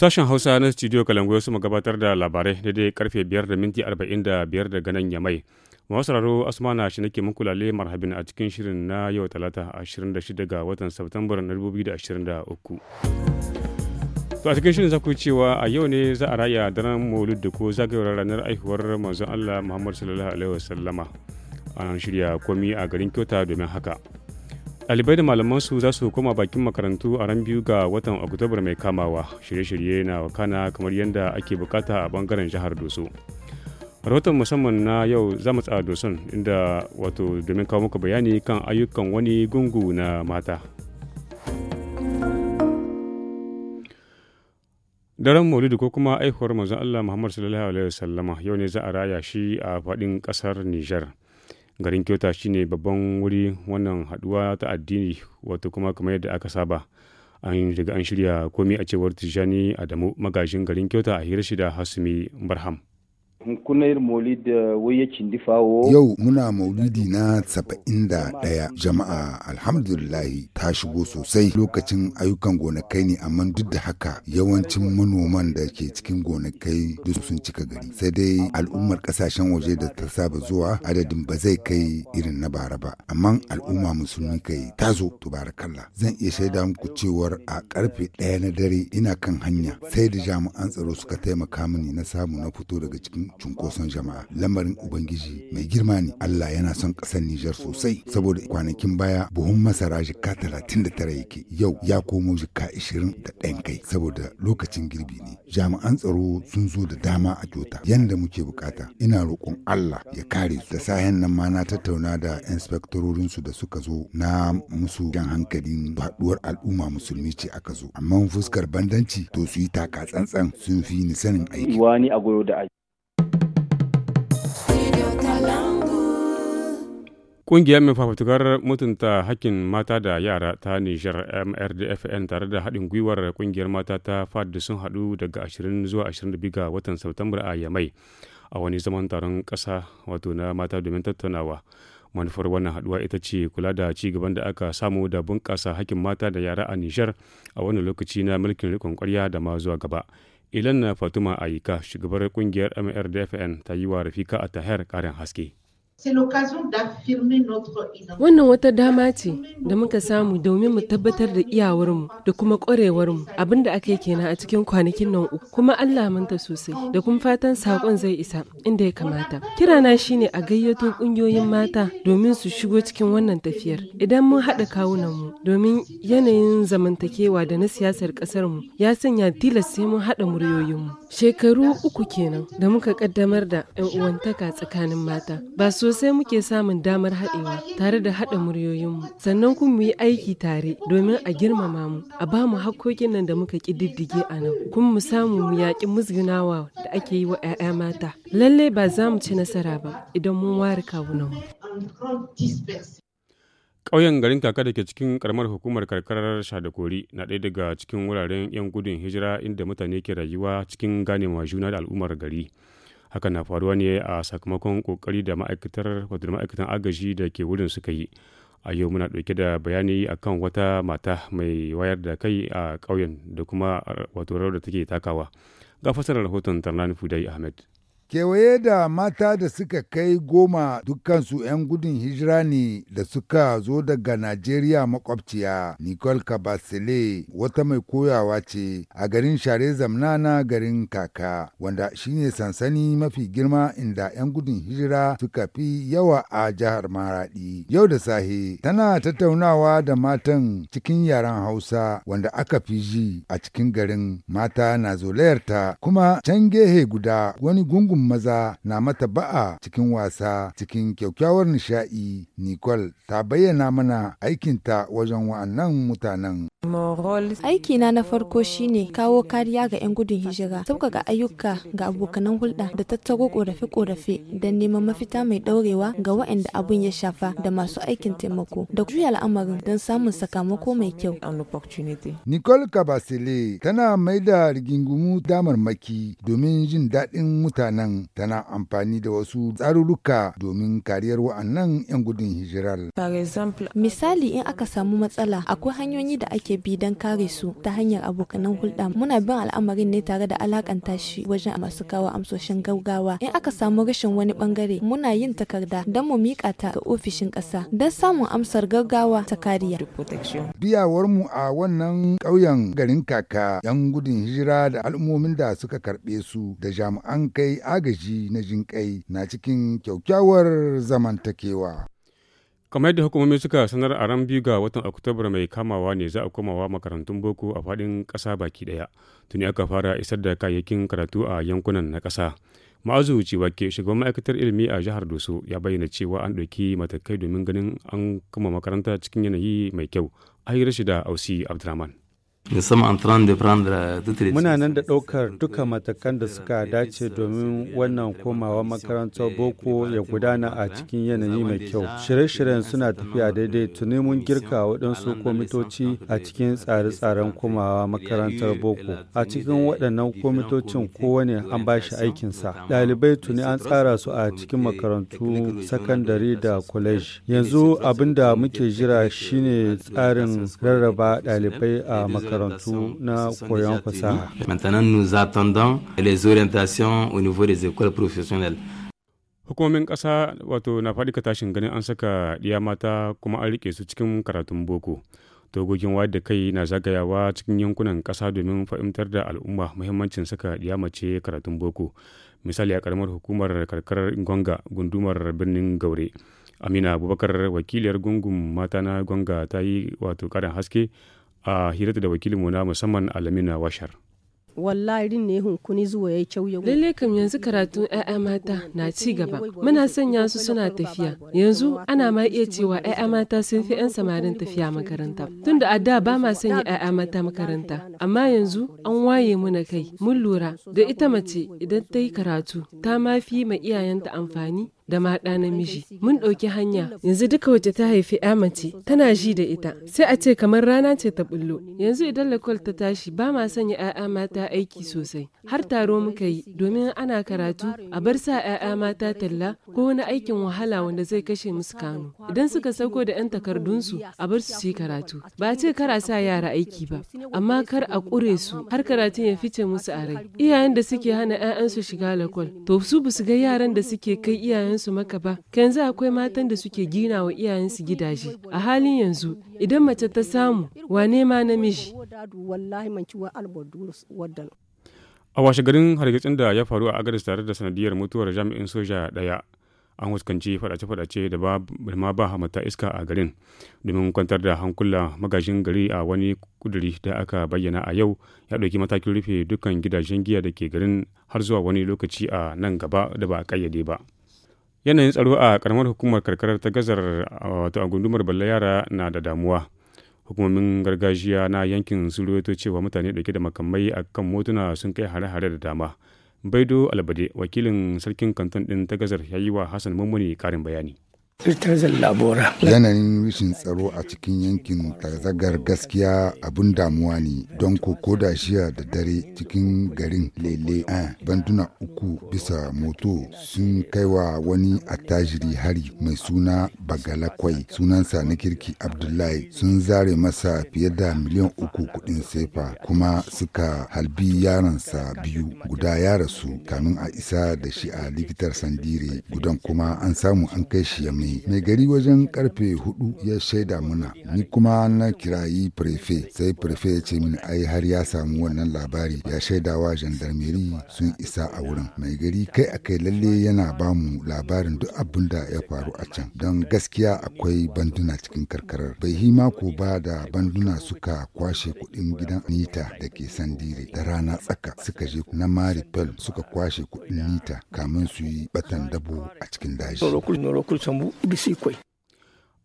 Sashen Hausa na Studio Kalangoyo su gabatar da labarai daidai karfe 5 da minti 45 daga nan Yamai. Masararo Asmana shi nake muku lale marhabin a cikin shirin na yau talata 26 ga watan Satumbar 2023. To a cikin shirin za ku cewa a yau ne za a raya daren Maulud da ko zagayowar ranar aihuwar manzon Allah Muhammad sallallahu alaihi wasallama. An shirya komi a garin Kyota domin haka. ɗalibai da malaman su za su koma bakin makarantu a ran biyu ga watan oktobar mai kamawa shirye-shirye na wakana kamar yadda ake bukata a bangaren jihar doso rahoton musamman na yau za mu tsara doson inda wato domin kawo muku bayani kan ayyukan wani gungu na mata daren maulidi ko kuma aihuwar manzon allah muhammad sallallahu alaihi wasallama yau ne za a raya shi a faɗin ƙasar nijar garin kyota shine babban wuri wannan haduwa ta addini wato kuma kamar yadda aka saba an riga an shirya komi a cewar tijjani adamu magajin garin kyota a hira da hasumi barham kunayar maulid eh, ya cindi wo? yau muna maulidi na saba'in da ɗaya jama'a alhamdulillahi ta shigo sosai lokacin ayyukan gonakai ne amma duk da haka yawancin manoman da ke cikin gonakai duk sun cika gari sai dai al'ummar ƙasashen waje da ta saba zuwa adadin ba zai kai irin na bara ba amma al'umma musulmi kai ta zo tubarakalla. zan iya shaida muku cewar a karfe ɗaya na dare ina kan hanya sai da jami'an tsaro suka taimaka mini na samu na fito daga cikin cunkoson jama'a lamarin ubangiji mai girma ne Allah yana son ƙasar Nijar sosai saboda kwanakin baya buhun masara talatin jika 39 yake yau ya komo jika 20 da ɗan kai saboda lokacin girbi ne jami'an tsaro sun zo da dama a jota yanda muke bukata ina roƙon Allah ya kare su. da sahen nan ma na tattauna da inspektororinsu da suka zo na musu jan hankalin haɗuwar al'umma musulmi ce aka zo amma fuskar bandanci to su yi taka tsantsan sun fi ni sanin aiki wani a goyo da aiki Ƙungiyar mai fafutukar mutunta hakkin mata da yara ta Nijar MRDFN tare da haɗin gwiwar ƙungiyar mata ta FAD sun haɗu daga 20 zuwa 22 ga watan Satumbar a Yamai a wani zaman taron ƙasa wato na mata domin tattaunawa. manufar wannan haɗuwa ita ce kula da ci gaban da aka samu da bunƙasa hakkin mata da yara a Nijar a wani lokaci na mulkin rikon ƙwarya da ma zuwa gaba. Ilan Fatuma Ayika, shugabar ƙungiyar MRDFN ta yi wa Rafika a Tahir ƙarin haske. Wannan wata dama ce da muka samu domin mu tabbatar da iyawarmu da kuma ƙwarewarmu abin da aka yi kenan a cikin kwanakin nan uku kuma Allah manta sosai da kuma fatan saƙon zai isa inda ya kamata. Kirana shine a gayyato ƙungiyoyin mata domin su shigo cikin wannan tafiyar idan mun haɗa kawunanmu domin yanayin zamantakewa da na siyasar ƙasarmu ya sanya tilas sai mun haɗa muryoyinmu. Shekaru uku kenan da muka ƙaddamar da 'yan uwantaka tsakanin mata ba su Sosai muke samun damar haɗewa tare da haɗa muryoyinmu, sannan kuma mu yi aiki tare domin a girmama mu, a ba mu hakkokin nan da muka ƙididdige a nan, kuma mu samu mu yaƙi musgunawa da ake yi wa 'ya'ya mata. Lalle ba za mu ci nasara ba idan mun ware kawunan mu Ƙauyen garin kaka da ke cikin karamar hukumar karkarar Shadakori na ɗaya daga cikin wuraren 'yan gudun hijira inda mutane ke rayuwa cikin ganewa juna da al'ummar gari. haka na faruwa ne a sakamakon kokari da ma'aikatar wadda ma'aikatan agaji da ke wurin suka yi a yau muna ɗauke da bayani akan wata mata mai wayar da kai a ƙauyen da kuma wato rawar da take takawa ga fasarar rahoton tarnani fudai ahmed Kewaye da mata da suka kai goma dukkansu 'yan gudun hijira ne da suka zo daga Najeriya makwabciya Nicole Kabasele wata mai koyawa ce a garin Share Zamna na garin Kaka wanda shine sansani mafi girma inda 'yan gudun hijira suka fi yawa a jihar Maradi. Yau da sahe tana tattaunawa da matan cikin yaren Hausa wanda aka fi ji a cikin garin mata na zolayarta kuma can gehe guda wani gungun gungun maza na mata ba'a cikin wasa cikin kyakkyawar nishaɗi. Nicole ta bayyana mana aikinta wajen wa'annan mutanen. Aikina na farko shine kawo kariya ga 'yan gudun hijira, sauƙaƙa ayyuka ga abokanan hulɗa da tattaro ƙorafe-ƙorafe don neman mafita mai ɗaurewa ga waɗanda abun ya shafa da masu aikin taimako da juya al'amarin don samun sakamako mai kyau. Nicole Kabasile tana mai da rigingumu damarmaki domin jin daɗin mutanen nan tana amfani da wasu tsarurruka domin kariyar wa'annan 'yan gudun hijirar. Misali in aka samu matsala akwai hanyoyi da ake bi don kare su ta hanyar abokanan hulɗa. Muna bin al'amarin ne tare da alakanta shi wajen masu kawo amsoshin gaugawa. In aka samu rashin wani bangare muna yin takarda don mu miƙa ta ga ofishin ƙasa don samun amsar gaggawa ta kariya. Biyawar mu a wannan ƙauyen garin kaka 'yan gudun hijira da al'ummomin da suka karɓe su da jami'an kai agaji na jin jinƙai na cikin kyaukyawar zamantakewa. kamar yadda hukumomi suka sanar a ran biyu ga watan oktobar mai kamawa ne za a komawa makarantun boko a faɗin kasa baki ɗaya tuni aka fara isar da kayayyakin karatu a yankunan na kasa ma'azu ciwake shugaban ma'aikatar ilimi a jihar doso ya bayyana cewa an ɗauki matakai domin ganin an kama makaranta cikin yanayi mai kyau a hira da ausi abdulrahman Muna nan da ɗaukar duka matakan da suka dace domin wannan komawa makarantar boko ya gudana a cikin yanayi mai kyau. Shirye-shiryen suna tafiya daidai tuni mun girka waɗansu komitoci a cikin tsare-tsaren komawa makarantar boko. A cikin waɗannan komitocin kowane an ba shi aikinsa. Ɗalibai tuni an tsara su a cikin makarantu sakandare da kwaleji. Yanzu abin da muke jira shine tsarin rarraba ɗalibai a makarantu. makarantu na koyon fasaha. Maintenant nous attendons les orientations au niveau des écoles professionnelles. Hukumomin ƙasa wato na faɗi ka tashin ganin an saka ɗiya mata kuma an riƙe su cikin karatun boko. Togogin wayar da kai na zagayawa cikin yankunan ƙasa domin fahimtar da al'umma muhimmancin saka ɗiya mace karatun boko. Misali a ƙaramar hukumar karkarar Gonga gundumar birnin Gaure. amina abubakar wakiliyar gungun mata na gonga ta yi wato ƙarin haske a hirata da wakilinmu na musamman alamina washar wallahi rin ne hunkuni zuwa ya kyau ya lalle kam yanzu karatun 'ya'ya mata na ci gaba muna sanya su suna tafiya yanzu ana ma iya cewa 'ya'ya mata sun fi 'yan samarin tafiya makaranta tunda a da ba ma sanya 'ya'ya mata makaranta amma yanzu an waye muna kai mun lura da ita mace idan ta yi karatu ta ma fi ma iyayenta amfani da ma ɗa namiji. Mun ɗauki hanya, yanzu duka wacce ta haifi ya mace tana ji da ita, sai a ce kamar rana ce ta bullo. Yanzu idan lakol ta tashi ba ma sanya 'ya'ya mata aiki sosai, har taro muka yi domin ana karatu a bar sa 'ya'ya mata talla ko wani aikin wahala wanda zai kashe musu kanu. Idan suka sauko da 'yan takardunsu a bar su yi karatu. Ba a ce kar a sa yara aiki ba, amma kar a ƙure su har karatun ya fice musu a rai. Iyayen da suke hana 'ya'yansu shiga lakol, to su ba su ga yaran da suke kai iyayen iyayensu makaba yanzu akwai matan da suke gina wa iyayensu gidaje a halin yanzu idan mace ta samu wane ma namiji a washe garin hargitsin da ya faru a agaris tare da sanadiyar mutuwar jami'in soja daya an huskanci fadace-fadace da ba ma ba mata iska a garin domin kwantar da hankula magajin gari a wani kuduri da aka bayyana a yau ya ɗauki matakin rufe dukkan gidajen giya da ke garin har zuwa wani lokaci a nan gaba da ba a ƙayyade ba. yanayin tsaro a karamar hukumar karkarar ta gazar wato a gundumar balle yara na da damuwa hukumomin gargajiya na yankin sun rawaito cewa mutane dauke da makamai a kan motuna sun kai hare-hare da dama baido albade wakilin sarkin kanton din ta gazar ya yi wa hassan mummuni karin bayani Yanayin rashin tsaro a cikin yankin tarzagar gaskiya abin damuwa ne don koko da shiya da dare cikin garin lele a banduna uku bisa moto sun kaiwa wani attajiri hari mai suna bagalakwai sunansa na kirki abdullahi sun zare masa fiye da miliyan uku kudin sefa kuma suka halbi yaransa biyu guda ya rasu kamin a isa da shi a likitar sandire gudan kuma an samu an kai shi yamma yanayi mai gari wajen karfe hudu ya shaida muna ni kuma na kirayi prefe sai prefe ya ce min ai har ya samu wannan labari ya shaida wa jandarmeri sun isa a wurin mai gari kai a kai lalle yana bamu labarin duk abin da ya faru a can don gaskiya akwai banduna cikin karkarar bai hi mako ba da banduna suka kwashe kudin gidan nita da ke sandire da rana tsaka suka je na maripel suka kwashe kuɗin nita kamin su yi batan dabo a cikin daji kwai.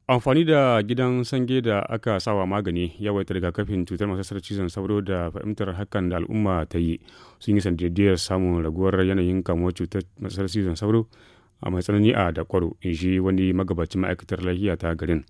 amfani da gidan sange da aka sawa magani yawaita rigakafin cutar masasar cizon sauro da fahimtar hakan da al'umma ta yi sun yi sanadiyar samun raguwar yanayin kamuwar cutar masasar cizon sauro a mai tsanani a dakwaro in shi wani magabacin ma'aikatar lafiya ta garin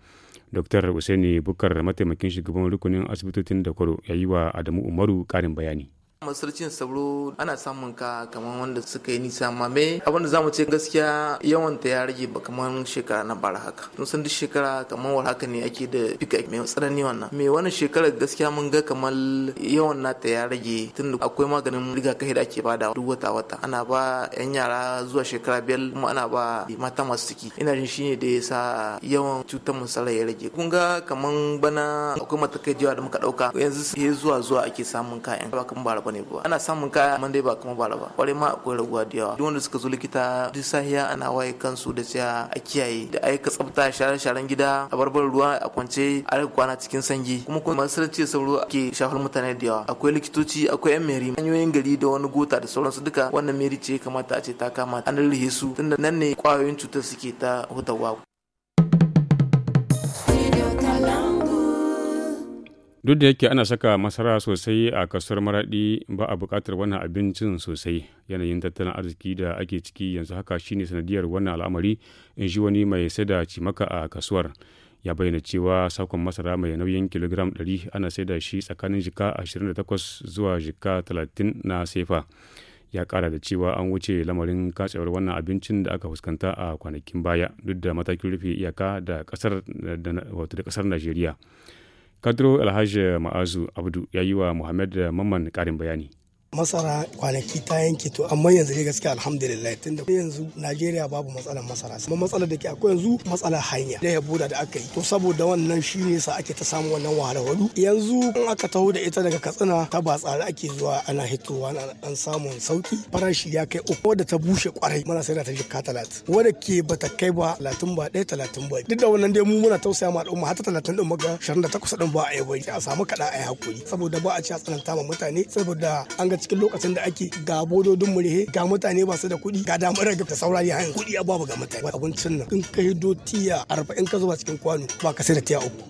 dr usaini bukar mataimakin shugaban rukunin asibitocin dakwaro ya yi wa adamu umaru karin bayani masarcin sauro ana samun ka kamar wanda suka yi nisa ma me abinda zamu ce gaskiya yawan ta ya rage ba kamar shekara na bara haka mun san duk shekara kamar war haka ne ake da fika mai tsanani wannan me wannan shekara gaskiya mun ga kamar yawan ta ya rage tun da akwai maganin riga rigakafi da ake bada duk wata wata ana ba yan yara zuwa shekara biyar kuma ana ba mata masu ciki ina jin shine da yasa yawan cutar masara ya rage kun ga kamar bana akwai matakai jiwa da muka dauka yanzu zuwa zuwa ake samun kayan ba kan bara bane ba ana samun ka man dai ba kuma bara ba kwarai ma akwai raguwa da yawa duk wanda suka zo likita duk sahiya ana waye kansu da cewa a kiyaye da aika tsafta share sharen gida a barbar ruwa a kwance a rage kwana cikin sanyi kuma kuma masarci sauro ke shafar mutane da yawa akwai likitoci akwai yan meri hanyoyin gari da wani gota da sauransu duka wannan meri ce kamata a ce ta kama an rihe su tunda nan ne kwayoyin cutar suke ta hutawa duk da yake ana saka masara sosai a kasuwar maraɗi ba a bukatar wannan abincin sosai yanayin tattalin arziki da ake ciki yanzu haka shine sanadiyar wannan al'amari in ji wani mai saida cimaka a kasuwar ya bayyana cewa sakon masara mai nauyin kilogram 100 ana saida shi tsakanin jika 28 zuwa jika 30 na sefa ya kara da cewa an wuce lamarin katsewar wannan abincin da aka fuskanta a kwanakin baya duk da matakin rufe iyaka da kasar najeriya Kadro Alhaji Ma'azu Abdu ya yi wa Muhammad Mamman ƙarin bayani. masara kwanaki ta yanke to amma yanzu dai gaskiya alhamdulillah tunda yanzu Najeriya babu matsalar masara kuma matsalar da ke akwai yanzu matsalar hanya da yabuda da aka yi to saboda wannan shine sa ake ta samu wannan wadu. yanzu in aka taho da ita daga Katsina ta ba tsare ake zuwa ana hitowa an samun sauki farashi ya kai uku wadda ta bushe kwarai muna sai da ta jikka talatin wadda ke bata kai ba talatin ba ɗaya talatin ba duk da wannan dai mu muna tausaya ma al'umma har ta talatin din maga shirin da takwas din ba a yi ba a samu kaɗa a yi hakuri saboda ba a ci a tsananta ma mutane saboda an ga cikin lokacin da ake ga bododin murhe ga mutane ba su da kuɗi ga damar raga ta saurari hayan kuɗi ababu ga mutane abincin nan in ka hido tiya arba'in ka zuba cikin kwano ba ka sai da tiya uku.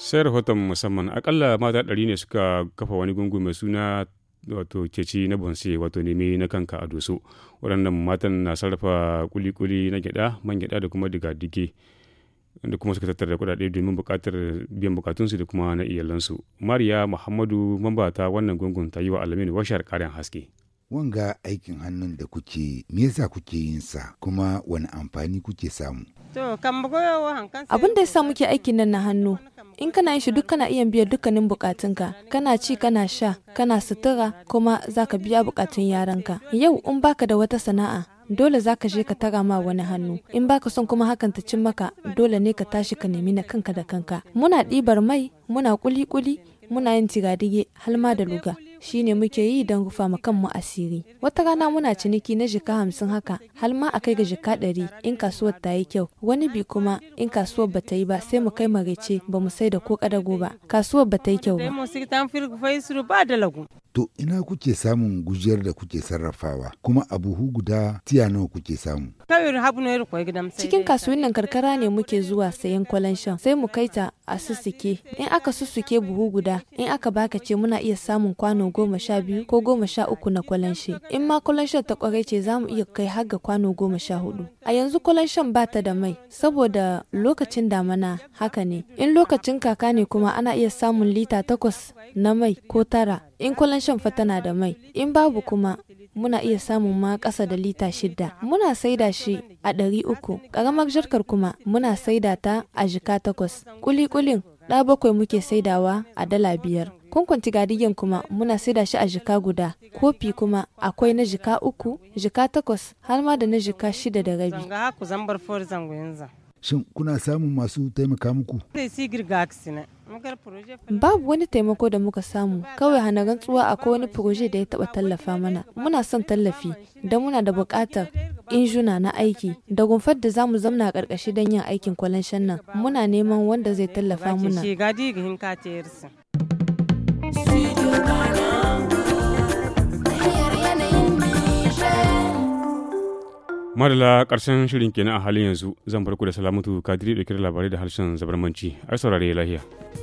sai rahoton musamman akalla mata ɗari ne suka kafa wani gungu mai suna wato keci na bonse wato nemi na kanka a doso waɗannan matan na sarrafa kuli-kuli na gyaɗa man gyaɗa da kuma diga-dige da kuma suka tattara kuɗaɗe domin buƙatar biyan bukatunsu da kuma na iyalansu mariya muhammadu mambata wannan gungun ta yi wa alamin washar ƙarin haske wanga aikin hannun da kuke me yasa kuke yin sa kuma wani amfani kuke samu abin da yasa muke aikin nan na hannu in kana yin shi duk kana iya biyan dukkanin bukatunka kana ci kana sha kana sutura kuma zaka biya bukatun yaranka yau in baka da wata sana'a dole za ka je ka tara ma wani hannu in baka son kuma hakan ta cin maka dole ne ka tashi ka nemi na kanka da kanka muna ɗibar mai muna ƙuli-ƙuli muna yin tigadige halma da luga shine muke yi don rufa ma kanmu asiri. Wata rana muna ciniki na jika hamsin haka, har ma a kai ga jika ɗari in kasuwar ta yi kyau. Wani bi kuma in kasuwar ba ta yi ba sai mu kai marece ba mu sai da ko ƙadago ba. Kasuwar ba ta yi kyau ba. To ina kuke samun gujiyar da kuke sarrafawa kuma abu guda tiya nawa kuke samu? Cikin kasuwannin karkara ne muke zuwa sayan kwalan shan sai mu kai ta a sussuke. In aka sussuke buhu guda, in aka baka ce muna iya samun kwano goma sha biyu ko goma sha uku na kwalan In ma kwalan shan ta kwarai ce za mu iya kai har ga kwano goma sha hudu. A yanzu kwalan shan ba ta da mai saboda lokacin damana haka ne. In lokacin kaka ne kuma ana iya samun lita takwas na mai ko tara in kwalan shan fa tana da mai in babu kuma muna iya samun ma kasa da lita shida. Muna saida shi a ɗari uku. Ƙaramar jarkar kuma muna saida ta a jika takwas. Kuli-kulin ɗa bakwai muke saidawa a dala biyar. Kwankwanci gadiyan kuma muna saida shi a jika guda, kofi kuma akwai na jika uku, jika takwas, har ma da na jika shida da rabi. Shin kuna samun masu taimaka muku? Babu wani taimako da muka samu, kawai hana rantsuwa a wani furoje da ya taɓa tallafa mana. Muna son tallafi, da muna da buƙatar injuna na aiki, da rumfar da za mu zamna a ƙarƙashi don yin aikin kwalanshen nan. Muna neman wanda zai tallafa muna. madala karshen shirin kenan a halin yanzu zan farko da salamatu kadiri da kira labarai da harshen zabarmanci ai saurare lahiya